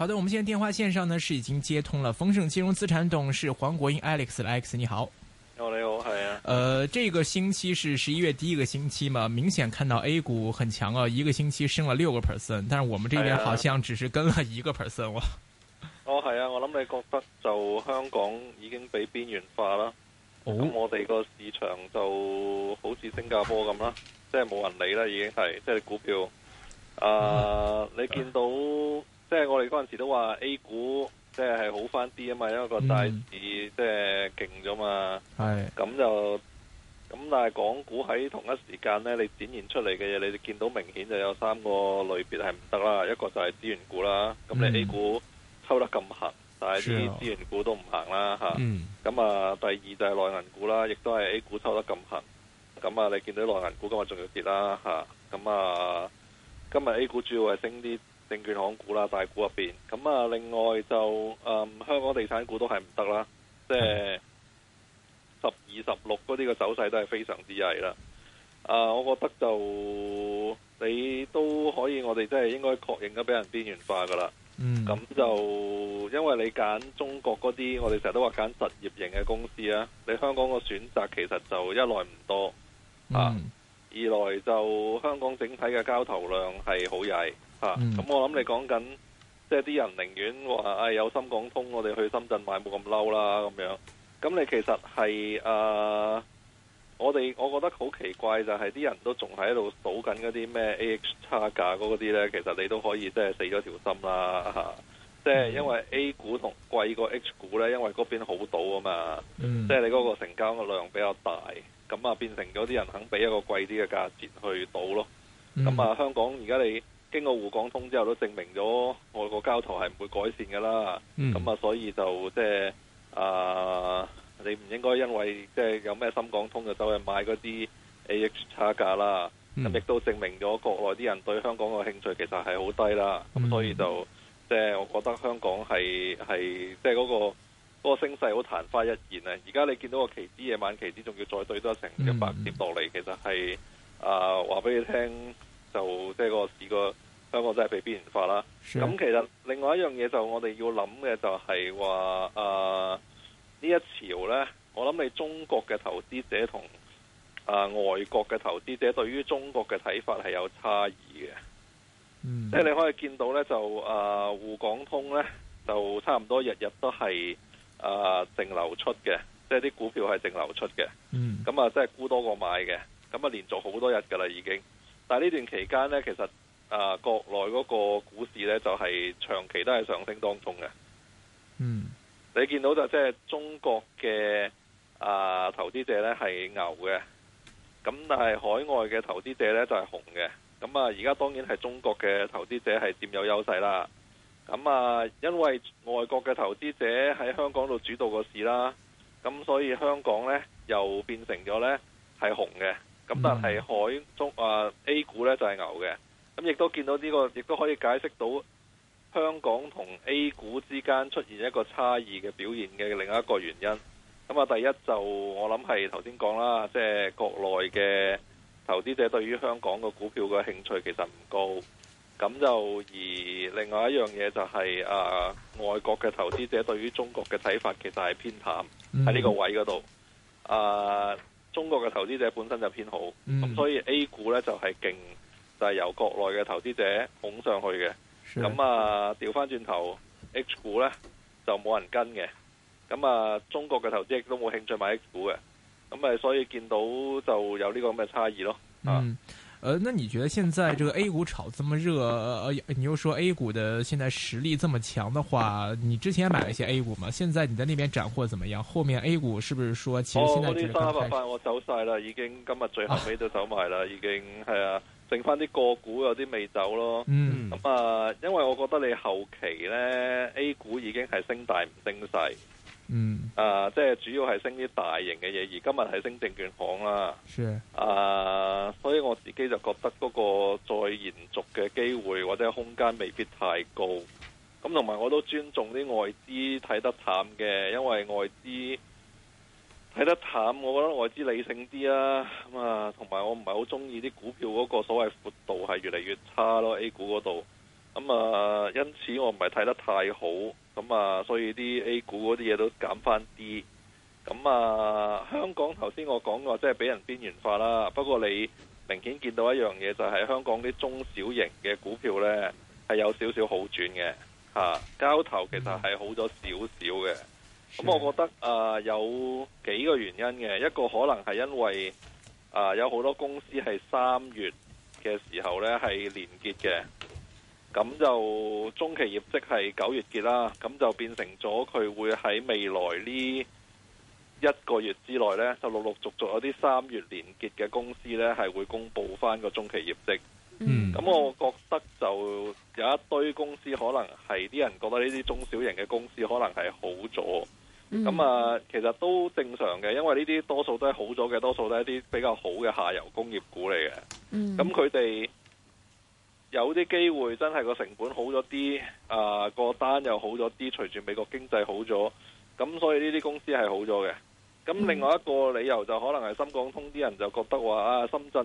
好的，我們現在電話線上呢是已經接通了豐盛金融資產董事黃國英 Alex，Alex Alex，你好、哦。你好，你好，係啊。呃，這個星期是十一月第一個星期嘛，明顯看到 A 股很強啊，一個星期升了六個 percent，但是我們這邊好像只是跟了一個 percent 喎。哦，係啊，我諗你覺得就香港已經俾邊緣化啦，咁、哦、我哋個市場就好似新加坡咁啦，即係冇人理啦，已經係，即係股票啊、呃嗯，你見到。即係我哋嗰陣時都話 A 股即係好翻啲啊嘛，因為個大市即係勁咗嘛。咁、嗯、就咁，但係港股喺同一時間呢，你展現出嚟嘅嘢，你就見到明顯就有三個類別係唔得啦。一個就係資源股啦，咁你 A 股抽得咁行，嗯、但係啲資源股都唔行啦吓。咁、嗯、啊，第二就係內銀股啦，亦都係 A 股抽得咁行，咁啊，你見到內銀股今日仲要跌啦吓。咁啊，啊，今日 A 股主要係升啲。證券行股啦，大股入面。咁啊，另外就、嗯、香港地產股都係唔得啦，即係十二十六嗰啲嘅走勢都係非常之曳啦。啊，我覺得就你都可以，我哋即係應該確認咗俾人邊緣化噶啦。咁、嗯、就因為你揀中國嗰啲，我哋成日都話揀實業型嘅公司啊，你香港個選擇其實就一來唔多、嗯、啊。二來就香港整體嘅交投量係好曳嚇，咁、嗯啊、我諗你講緊即係啲人寧願話啊，有深港通我哋去深圳買冇咁嬲啦咁樣，咁你其實係啊，我哋我覺得好奇怪就係、是、啲人都仲喺度賭緊嗰啲咩 A H 差價嗰啲呢，其實你都可以即係、就是、死咗條心啦嚇，即、啊、係、嗯就是、因為 A 股同貴過 H 股呢，因為嗰邊好賭啊嘛，即、嗯、係、就是、你嗰個成交嘅量比較大。咁啊，變成咗啲人肯俾一個貴啲嘅價錢去賭咯。咁、嗯、啊，香港而家你經過滬港通之後都證明咗外國交投係唔會改善嘅啦。咁、嗯、啊，所以就即係啊，你唔應該因為即係、就是、有咩深港通就走去買嗰啲 AH 差價啦。咁、嗯、亦都證明咗國內啲人對香港嘅興趣其實係好低啦。咁、嗯、所以就即係、就是、我覺得香港係係即係嗰個。嗰、那個聲勢好曇花一現啊！而家你見到個期指、夜晚期指，仲要再對多成一百點落嚟，其實係啊，話、呃、俾你聽，就即係個市個香港真係被邊緣化啦。咁、sure. 其實另外一樣嘢就我哋要諗嘅就係話啊，呢、呃、一潮呢。我諗你中國嘅投資者同啊、呃、外國嘅投資者對於中國嘅睇法係有差異嘅。Mm -hmm. 即係你可以見到呢，就啊，滬、呃、港通呢，就差唔多日日都係。啊、呃，淨流出嘅，即係啲股票係淨流出嘅。嗯，咁啊，即係沽多過買嘅，咁啊，連續好多日噶啦已經。但係呢段期間呢，其實啊、呃，國內嗰個股市呢，就係、是、長期都係上升當中嘅。嗯，你見到就即係中國嘅啊、呃、投資者呢係牛嘅，咁但係海外嘅投資者呢就係熊嘅。咁啊，而家當然係中國嘅投資者係佔有優勢啦。咁啊，因為外國嘅投資者喺香港度主導個市啦，咁所以香港咧又變成咗咧係紅嘅，咁但係海中啊 A 股咧就係牛嘅，咁亦都見到呢個亦都可以解釋到香港同 A 股之間出現一個差異嘅表現嘅另一個原因。咁啊，第一就我諗係頭先講啦，即係國內嘅投資者對於香港嘅股票嘅興趣其實唔高。咁就而另外一樣嘢就係、是、誒、呃、外國嘅投資者對於中國嘅睇法其實係偏淡喺呢、嗯、個位嗰度。誒、呃、中國嘅投資者本身就偏好，咁、嗯、所以 A 股呢就係勁，就係、是、由國內嘅投資者捧上去嘅。咁啊調翻轉頭 H 股呢就冇人跟嘅。咁啊中國嘅投資亦都冇興趣買 H 股嘅。咁咪所以見到就有呢個咁嘅差異咯。嗯。呃，那你覺得現在這個 A 股炒這麼熱，呃，你又說 A 股的現在實力這麼強的話，你之前買了一些 A 股嘛？現在你在那邊斬獲怎麼樣？後面 A 股是不是說其實現在、哦、我啲三百八我走晒啦，已經今日最後尾都走埋啦，啊，已經係啊，剩翻啲個股有啲未走咯。嗯、咁、嗯、啊，因為我覺得你後期咧 A 股已經係升大唔升細。嗯，誒、啊，即係主要係升啲大型嘅嘢，而今日係升證券行啦。是、啊，所以我自己就覺得嗰個再延續嘅機會或者空間未必太高。咁同埋我都尊重啲外資睇得淡嘅，因為外資睇得淡，我覺得外資理性啲啊。咁啊，同埋我唔係好中意啲股票嗰個所謂闊度係越嚟越差咯，A 股嗰度。咁、嗯、啊，因此我唔係睇得太好，咁、嗯、啊，所以啲 A 股嗰啲嘢都減翻啲。咁、嗯、啊，香港頭先我講過即係俾人邊緣化啦。不過你明顯見到一樣嘢就係、是、香港啲中小型嘅股票咧，係有少少好轉嘅吓。交投其實係好咗少少嘅。咁我覺得啊，有幾個原因嘅，一個可能係因為啊，有好多公司係三月嘅時候咧係連結嘅。咁就中期業績係九月結啦，咁就變成咗佢會喺未來呢一個月之內咧，就陸陸續續有啲三月連結嘅公司咧，係會公布翻個中期業績。嗯，咁我覺得就有一堆公司可能係啲人覺得呢啲中小型嘅公司可能係好咗，咁、嗯、啊，其實都正常嘅，因為呢啲多數都係好咗嘅，多數都係一啲比較好嘅下游工業股嚟嘅。嗯，咁佢哋。有啲機會真係個成本好咗啲，啊、呃、個單又好咗啲，隨住美國經濟好咗，咁所以呢啲公司係好咗嘅。咁另外一個理由就可能係深港通啲人就覺得話啊，深圳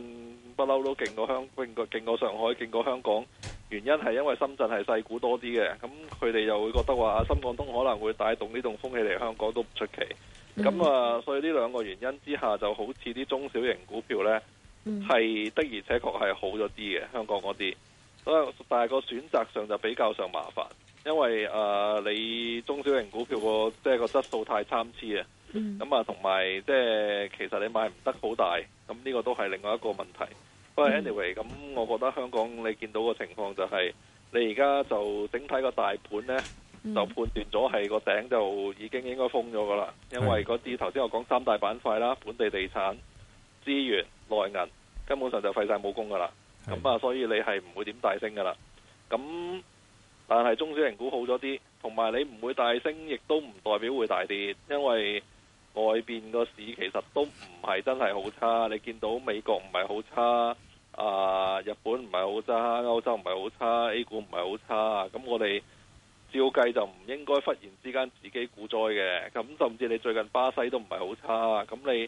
不嬲都勁過香，勁過上海，勁過香港。原因係因為深圳係細股多啲嘅，咁佢哋又會覺得話啊，深港通可能會帶動呢種風氣嚟香港都唔出奇。咁啊，所以呢兩個原因之下，就好似啲中小型股票呢，係的而且確係好咗啲嘅，香港嗰啲。咁但係個選擇上就比較上麻煩，因為誒、呃、你中小型股票個即係個質素太參差啊，咁啊同埋即係其實你買唔得好大，咁呢個都係另外一個問題。不過 anyway，咁、嗯、我覺得香港你見到個情況就係、是、你而家就整體個大盤呢，嗯、就判斷咗係個頂就已經應該封咗噶啦，因為嗰啲頭先我講三大板塊啦，本地地產、資源、內銀，根本上就廢晒武功噶啦。咁啊，所以你係唔會點大升噶啦。咁但係中小型股好咗啲，同埋你唔會大升，亦都唔代表會大跌，因為外邊個市其實都唔係真係好差。你見到美國唔係好差，啊日本唔係好差，歐洲唔係好差，A 股唔係好差。咁我哋照計就唔應該忽然之間自己股災嘅。咁甚至你最近巴西都唔係好差，咁你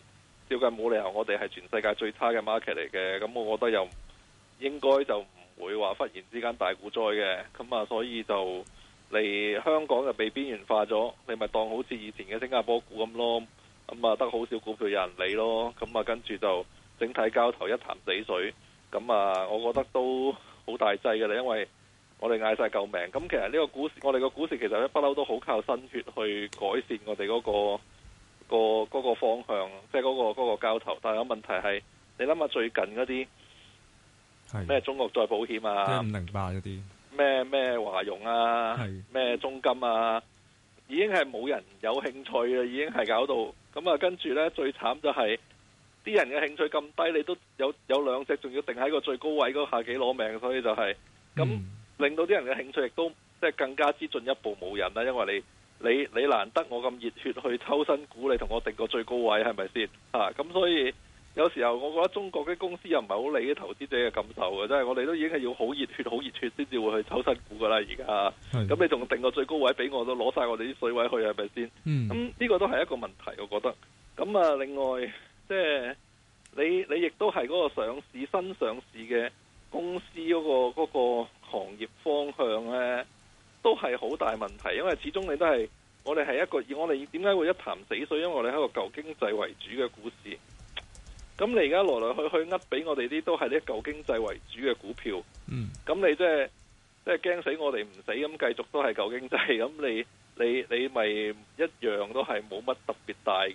照計冇理由我哋係全世界最差嘅 market 嚟嘅。咁我覺得又。應該就唔會話忽然之間大股災嘅，咁啊，所以就嚟香港就被邊緣化咗，你咪當好似以前嘅新加坡股咁咯，咁啊，得好少股票有人理咯，咁啊，跟住就整體交投一潭死水，咁啊，我覺得都好大劑嘅啦，因為我哋嗌晒救命，咁其實呢個股市，我哋個股市其實咧不嬲都好靠新血去改善我哋嗰、嗰個、嗰個嗰個方向，即係嗰個嗰個交投，但係問題係你諗下最近嗰啲。咩中國再保險啊，五零八嗰啲，咩咩華融啊，咩中金啊，已經係冇人有興趣啦，已經係搞到咁啊！跟住呢，最慘就係、是、啲人嘅興趣咁低，你都有有兩隻仲要定喺個最高位嗰下幾攞命，所以就係、是、咁、嗯、令到啲人嘅興趣亦都即係、就是、更加之進一步冇人啦。因為你你你難得我咁熱血去抽新股，你同我定個最高位係咪先啊？咁所以。有時候，我覺得中國嘅公司又唔係好理啲投資者嘅感受嘅，即、就、係、是、我哋都已經係要好熱血、好熱血先至會去抽新股噶啦。而家咁你仲定個最高位俾我，我都攞晒我哋啲水位去係咪先？咁呢、嗯、個都係一個問題，我覺得。咁啊，另外即係、就是、你你亦都係嗰個上市新上市嘅公司嗰、那個那個行業方向呢，都係好大問題。因為始終你都係我哋係一個，我哋點解會一潭死水？因為我哋係一個舊經濟為主嘅股市。咁、嗯、你而家來來去去呃俾我哋啲都係啲舊經濟為主嘅股票，咁你即係即係驚死我哋唔死咁繼續都係舊經濟，咁你你你咪一樣都係冇乜特別大嘅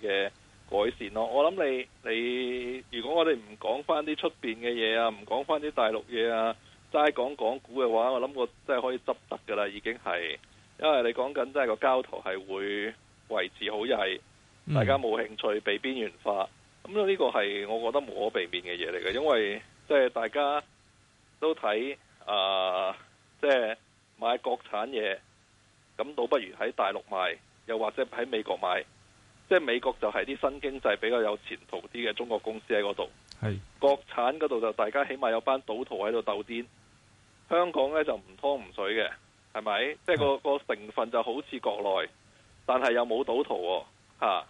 改善咯。我諗你你如果我哋唔講翻啲出面嘅嘢啊，唔講翻啲大陸嘢啊，齋講港股嘅話，我諗我真係可以執得噶啦，已經係因為你講緊真係個交投係會維持好曳、嗯，大家冇興趣俾邊緣化。咁呢個係我覺得無可避免嘅嘢嚟嘅，因為即係大家都睇啊，即係買國產嘢，咁倒不如喺大陸買，又或者喺美國買。即係美國就係啲新經濟比較有前途啲嘅中國公司喺嗰度，係國產嗰度就大家起碼有班賭徒喺度鬥癲。香港呢就唔湯唔水嘅，係咪？即係個個成分就好似國內，但係又冇賭徒喎，嚇。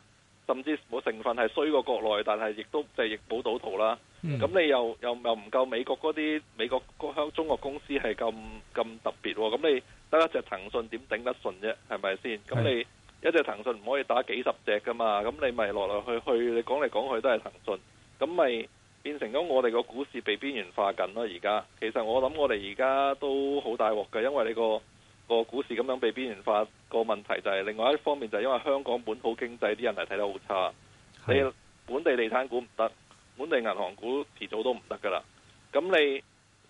甚至冇成分係衰過國內，但係亦都即係亦補到到啦。咁、嗯、你又又又唔夠美國嗰啲美國香中國公司係咁咁特別喎、哦。咁你得一隻騰訊點頂得順啫？係咪先？咁你一隻騰訊唔可以打幾十隻㗎嘛？咁你咪落落去下去，你講嚟講去都係騰訊，咁咪變成咗我哋個股市被邊緣化緊咯。而家其實我諗我哋而家都好大鑊㗎，因為你個。個股市咁樣被邊緣化個問題就係、是、另外一方面就係因為香港本土經濟啲人係睇得好差，你本地地產股唔得，本地銀行股遲早都唔得噶啦。咁你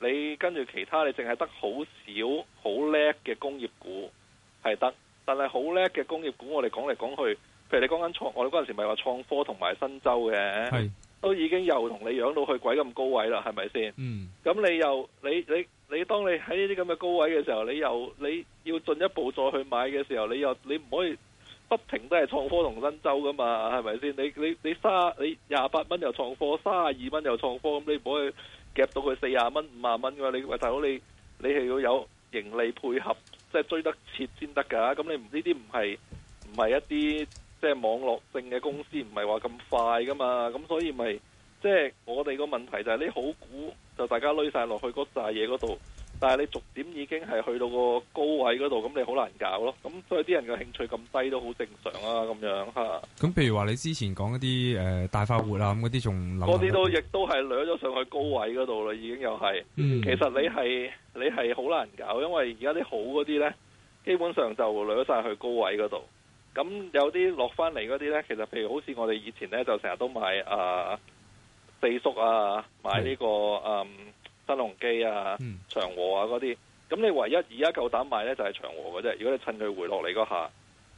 你跟住其他你淨係得好少好叻嘅工業股係得，但係好叻嘅工業股我哋講嚟講去，譬如你講緊創我哋嗰陣時咪話創科同埋新洲嘅，都已經又同你養到去鬼咁高位啦，係咪先？嗯，咁你又你你。你你當你喺呢啲咁嘅高位嘅時候，你又你要進一步再去買嘅時候，你又你唔可以不停都係創科同新州噶嘛？係咪先？你你你三你廿八蚊又創科，三十二蚊又創科，咁你唔可以夾到佢四廿蚊五廿蚊㗎嘛？你大佬，你你係要有盈利配合，即係追得切先得㗎。咁你呢啲唔係唔係一啲即係網絡性嘅公司，唔係話咁快㗎嘛？咁所以咪。即係我哋個問題就係你好估，就大家攆晒落去嗰扎嘢嗰度，但係你逐點已經係去到個高位嗰度，咁你好難搞咯。咁所以啲人嘅興趣咁低都好正常啊，咁樣嚇。咁譬如話你之前講一啲誒大快活啊咁嗰啲仲，嗰啲都亦都係掠咗上去高位嗰度啦，已經又係。嗯。其實你係你係好難搞，因為而家啲好嗰啲呢，基本上就掠晒去高位嗰度。咁有啲落翻嚟嗰啲呢，其實譬如好似我哋以前呢，就成日都買啊。四叔啊，買呢、呢個誒、嗯、新龍基啊、嗯、長和啊嗰啲，咁你唯一而家夠膽買呢，就係長和嘅啫。如果你趁佢回落嚟嗰下，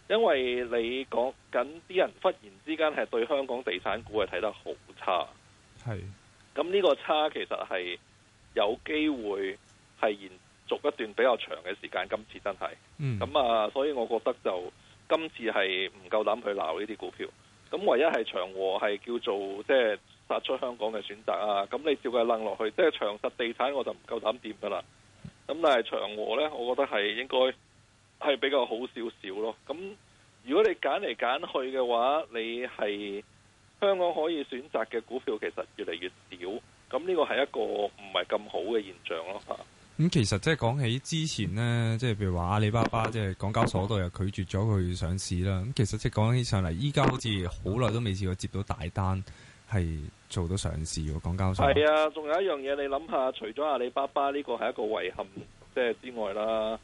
因為你講緊啲人忽然之間係對香港地產股係睇得好差，係咁呢個差其實係有機會係延續一段比較長嘅時間。今次真係，咁、嗯、啊，所以我覺得就今次係唔夠膽去鬧呢啲股票。咁唯一係長和係叫做即係。殺出香港嘅選擇啊！咁你照佢掕落去，即係長實地產，我就唔夠膽掂噶啦。咁但係長和呢，我覺得係應該係比較好少少咯。咁如果你揀嚟揀去嘅話，你係香港可以選擇嘅股票，其實越嚟越少。咁呢個係一個唔係咁好嘅現象咯。咁其實即係講起之前呢，即係譬如話阿里巴巴，即係港交所度又拒絕咗佢上市啦。咁其實即係講起上嚟，依家好似好耐都未試過接到大單。係做到上市喎，港交所。係啊，仲有一樣嘢，你諗下，除咗阿里巴巴呢個係一個遺憾，即係之外啦，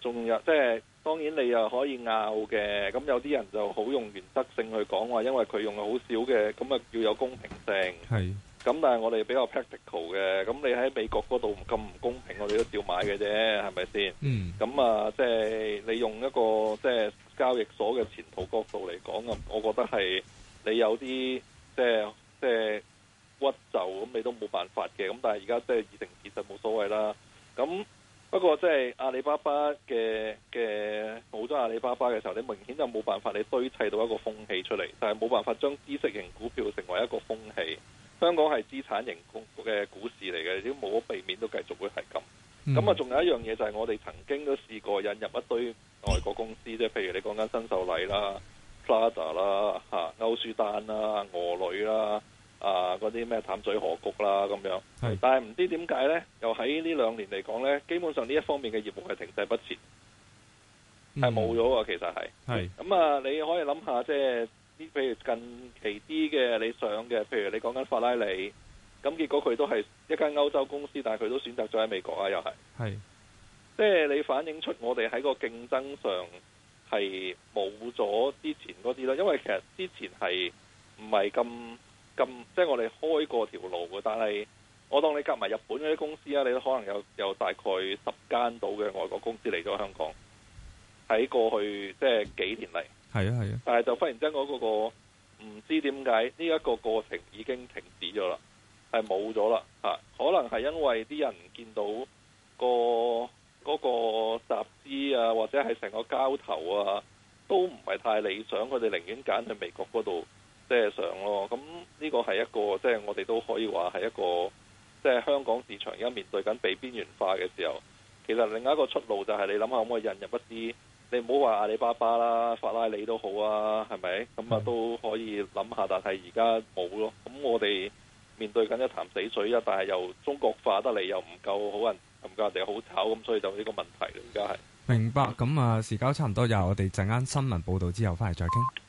仲有即係，當然你又可以拗嘅。咁有啲人就好用原則性去講話，因為佢用好少嘅，咁啊要有公平性。係。咁但係我哋比較 practical 嘅，咁你喺美國嗰度咁唔公平，我哋都照買嘅啫，係咪先？嗯。咁啊，即係你用一個即係交易所嘅前途角度嚟講啊，我覺得係你有啲即係。即係即、就、係、是、屈就咁，你都冇辦法嘅。咁但係而家即係已成事實冇所謂啦。咁不過即係阿里巴巴嘅、嘅冇咗阿里巴巴嘅時候，你明顯就冇辦法你堆砌到一個風氣出嚟，但係冇辦法將知識型股票成為一個風氣。香港係資產型股嘅股市嚟嘅，都冇避免都繼續會係咁。咁、嗯、啊，仲有一樣嘢就係、是、我哋曾經都試過引入一堆外國公司，即係譬如你講緊新秀麗啦。Prada 啦，嚇歐舒丹啦，俄女啦，啊嗰啲咩淡水河谷啦咁樣，但係唔知點解呢，又喺呢兩年嚟講呢，基本上呢一方面嘅業務係停滯不前，係冇咗啊！其實係，係咁啊，你可以諗下即係，譬如近期啲嘅你想嘅，譬如你講緊法拉利，咁結果佢都係一間歐洲公司，但係佢都選擇咗喺美國啊，又係，係，即係你反映出我哋喺個競爭上。係冇咗之前嗰啲啦，因為其實之前係唔係咁咁，即係、即係、我哋開過條路嘅。但係我當你夾埋日本嗰啲公司啊，你都可能有有大概十間到嘅外國公司嚟咗香港。喺過去即係、即係、幾年嚟，係啊係啊，但係就忽然間嗰個、嗰個唔知點解呢一個過程已經停止咗啦，係冇咗啦吓，可能係因為啲人見到個。嗰個集資啊，或者係成個交投啊，都唔係太理想。佢哋寧願揀去美國嗰度即係上咯。咁呢個係一個即係我哋都可以話係一個即係香港市場而家面對緊被邊緣化嘅時候，其實另一個出路就係你諗下可唔可以引入一啲，你唔好話阿里巴巴啦，法拉利都好啊，係咪？咁啊都可以諗下，但係而家冇咯。咁我哋面對緊一潭死水啊，但係又中國化得嚟又唔夠好人。咁架哋好炒，咁所以就呢個問題。而家係明白。咁啊，時間差唔多，由我哋陣間新聞報道之後，翻嚟再傾。